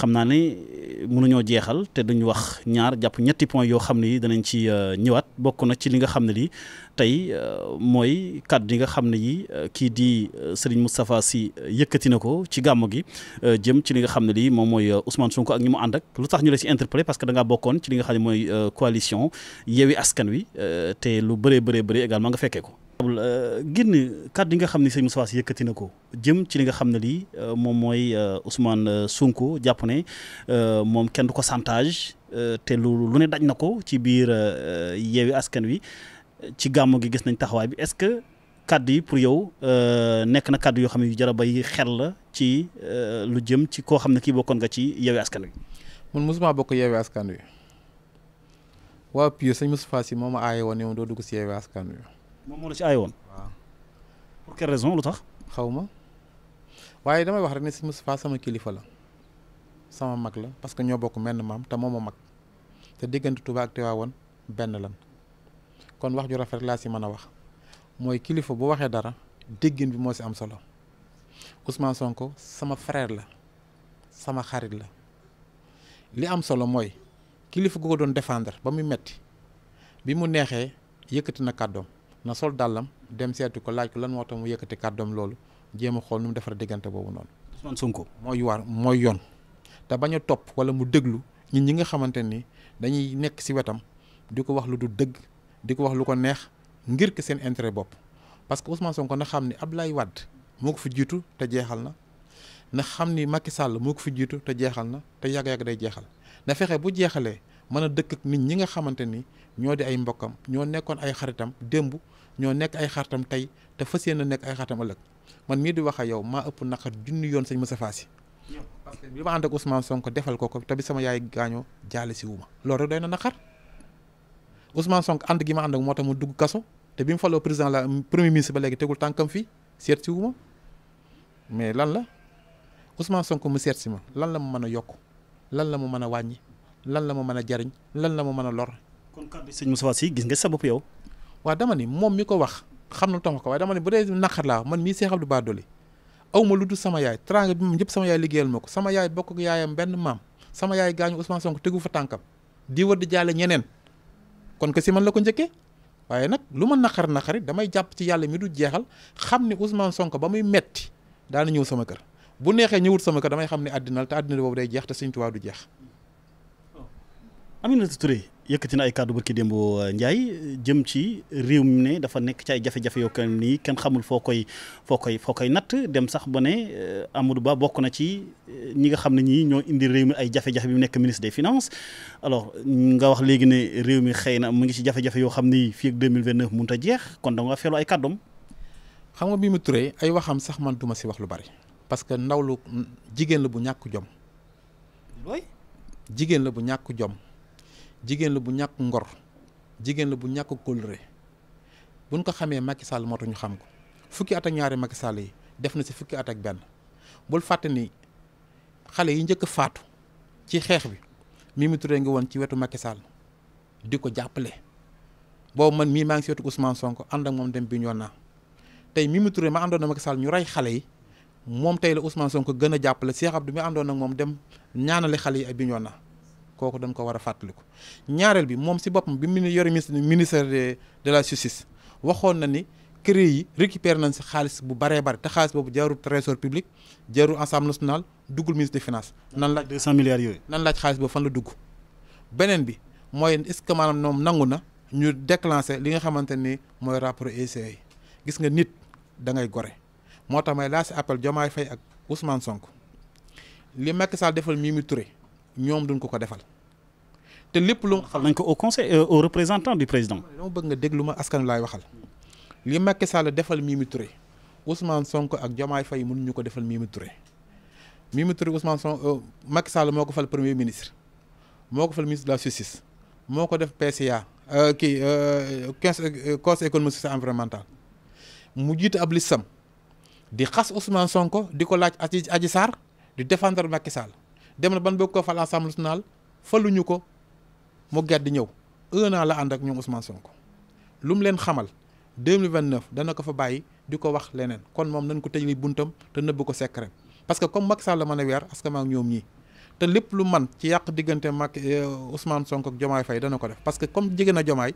xam naa ne eh, mënuñoo jeexal te duñ wax ñaar jàpp ñetti point yoo xam ne yi danañ ci euh, ñëwaat bokk na ci li nga xam ne lii tey euh, mooy kàddu yi nga xam ne yi euh, kii di Serigne Moustapha Sy yëkkati na ko ci gàmm gi jëm ci li nga xam ne lii moom mooy Ousmane Sonko ak ñi mu ànd ak lu tax ñu la si interpellé parce que da ngaa bokkoon ci li nga xam ne mooy coalition Yewwi Askan Wi te lu bëree bëree bëri également nga fekkee ko. Euh, génn kàddu yi nga xam ne sëñ Moustapha Sy yëkkati na ko jëm ci li nga xam ne lii euh, moom mooy euh, Ousmane sunko jàpp ne moom kenn du ko chantage te lu lu ne daj na ko ci biir yeewi askan wi ci gàmmu gi gis nañ taxawaay bi est-ce que kàddu yi pour yow nekk na kàddu yoo xam ne yu jar a bay xel la ci lu jëm ci koo xam ne kii bokkoon nga ci yeewi askan wi. mun mosuma bokk yeewi askan wi waa Pire sëñ Moustapha Sy moom a aaye woon ne doo dugg si yeewi askan wi. moom moo la ci aay woon. waaw pour quelle raison lu tax. xaw ma waaye damay wax rek ne si Moustapha sama kilifa la sama mag la parce que ñoo bokk menn maam te moom a mag te diggante Touba ak woon benn lan kon wax ju rafet laa si mën a wax mooy kilifa bu waxee dara déggin bi moo si am solo Ousmane Sonko sama frère la sama xarit la li am solo mooy kilifa gu ko doon défendre ba muy metti bi mu neexee yëkkati na kàddoom. na sol dàllam dem seetu ko laaj ko lan moo tax mu yëkkati kàddoom loolu jéem xool nu mu defar diggante boobu noonu. Ousmane Sonko mooy war mooy yoon. te bañ a topp wala mu déglu ñun ñi nga xamante ni dañuy nekk ci wetam di ko wax lu du dëgg di ko wax lu ko neex ngir ko seen intérêt bopp parce que Ousmane Sonko na xam ni Abdoulaye Wade moo ko fi jiitu te jeexal na na xam ni Macky sàll moo ko fi jiitu te jeexal na te yàgg-yàgg day jeexal na fexe bu jeexalee. mën a dëkk nit ñi nga xamante ni ñoo di ay mbokkam ñoo nekkoon ay xaritam démb ñoo nekk ay xaritam tey te fas yéene nekk ay xaritam ëllëg man mii di wax a yow ma ëpp naqar junni yoon sañ Moussa Fassi parce que bi ma ànd defal ko ko te bi sama yaay gaañoo jaale si wuma loolu rek doy na naqar Ousmane sonk ànd gi ma ànd ak moo tax mu dugg kaso te bi mu faloo président la premier ministre ba léegi tegul tànkam fii seet si wuma mais lan la Ousmane sonk mu seet si ma lan la mu mën a yokk lan la mu mën a wàññi. lan la ma mën a jariñ lan la ma mën a lor. kon kàddu sëñ Moustapha gis nga sa yow. waaw dama ni moom mi ko wax xam na tax ko waaye dama ni bu dee naqar laa man mii Cheikh Abdou Badoli aw ma lu du sama yaay teraanga bi moom yëpp sama yaay ma ko sama yaay bokk yaayam benn maam sama yaay gaañu Ousmane Sonko tegu fa tànkam di wër di jaale ñeneen kon que si man la ko njëkkee waaye nag lu ma naqar naqari damay jàpp ci yàlla mi du jeexal xam ni Ousmane sonk ba muy metti daana ñëw sama kër bu neexee ñëwut sama kër damay xam ne àddina la te àddina boobu day jeex te Sëñ waa du jeex Aminata Touré yëkkati na ay kàddu barki démb euh, Ndiaye jëm ci réew mi ne dafa nekk ci ay jafe-jafe yoo xam nii kenn xamul foo koy foo koy foo koy natt dem sax ba ne euh, Amadou Ba bokk na ci euh, ñi nga xam ne ñii ñoo indi réew mi ay jafe-jafe bi mu nekk ministre des finance alors nga wax léegi ne réew mi xëy na mu ngi ci jafe-jafe yoo xam ni fii ak 2029 mënut a jeex kon da nga ay kàddoom. xam nga bi mu ture ay waxam sax man duma si wax lu bari parce que ndaw lu jigéen la bu ñàkk jom. looy jigéen la bu ñàkk jom. jigéen la bu ñàkk ngor jigéen la bu ñàkk kóllëre buñ ko xamee Macky Sall moo tax ñu xam ko fukki at ak ñaari Macky Sall yi def na si fukki at ak benn bul fàtte ni xale yi njëkk faatu ci xeex bi Mimi Touré ngi woon ci wetu Macky di ko jàppale boobu man mii maa ngi si wetu Ousmane Sonko ànd ak moom dem bi ñoo naa tey Mimi ma àndoon na Macky Sall ñu rey xale yi moom tey la Ousmane sonk gën a jàppale Cheikh Abdou mi àndoon ak moom dem ñaanale xale yi ak bi ñoo naa kooku dañ ko war a fàttaliku ñaareel bi moom si boppam bi mu yore ministère de de la justice waxoon na ni CREI yi récupéré nañ si xaalis bu baree bari te xaalis boobu jaarul trésor public jaarul assemblée nationale duggul ministre des finance nan laaj 200 milliards yooyu. nan laaj xaalis boobu fan la dugg beneen bi mooy est-ce que maanaam ñoom nangu na ñu déclenché li nga xamante ni mooy rapport ECA yi gis nga nit dangay gore moo tax may laa si appel Diomaye Faye ak Ousmane sonk li makk Sall defal Mimi ñoom duñ ko ko defal te lépp lu xam nañ ko au conseil euh, au représentant du président. dama bëgg nga déglu ma askan laay waxal li Macky Sall defal Mimi Touré Ousmane Sonko ak Diomaye Faye mënuñu ko defal Mimi Touré Mimi Touré Ousmane Sonko euh, Sall moo ko fal premier ministre moo ko fal ministre de la justice moo ko def PCA euh, kii conseil économique social environnemental mu jiite ab listam di xas Ousmane Sonko di ko laaj Adji Sarr di défendre Macky Sall dem na ban bëgg ko fal assemblée nationale faluñu ko mu gedd ñëw un an la ànd ak ñoom Ousmane Sonko lu mu leen xamal 2029 dana ko fa bàyyi di ko wax leneen kon moom nañ ko tëj li buntam te nëbb ko secret parce que comme Macky la mën a weer askan ak ñoom ñii te lépp lu man ci yàq diggante Macky euh, Ousmane Sonko ak Diomaye Faye dana ko def parce que comme jege na Diomaye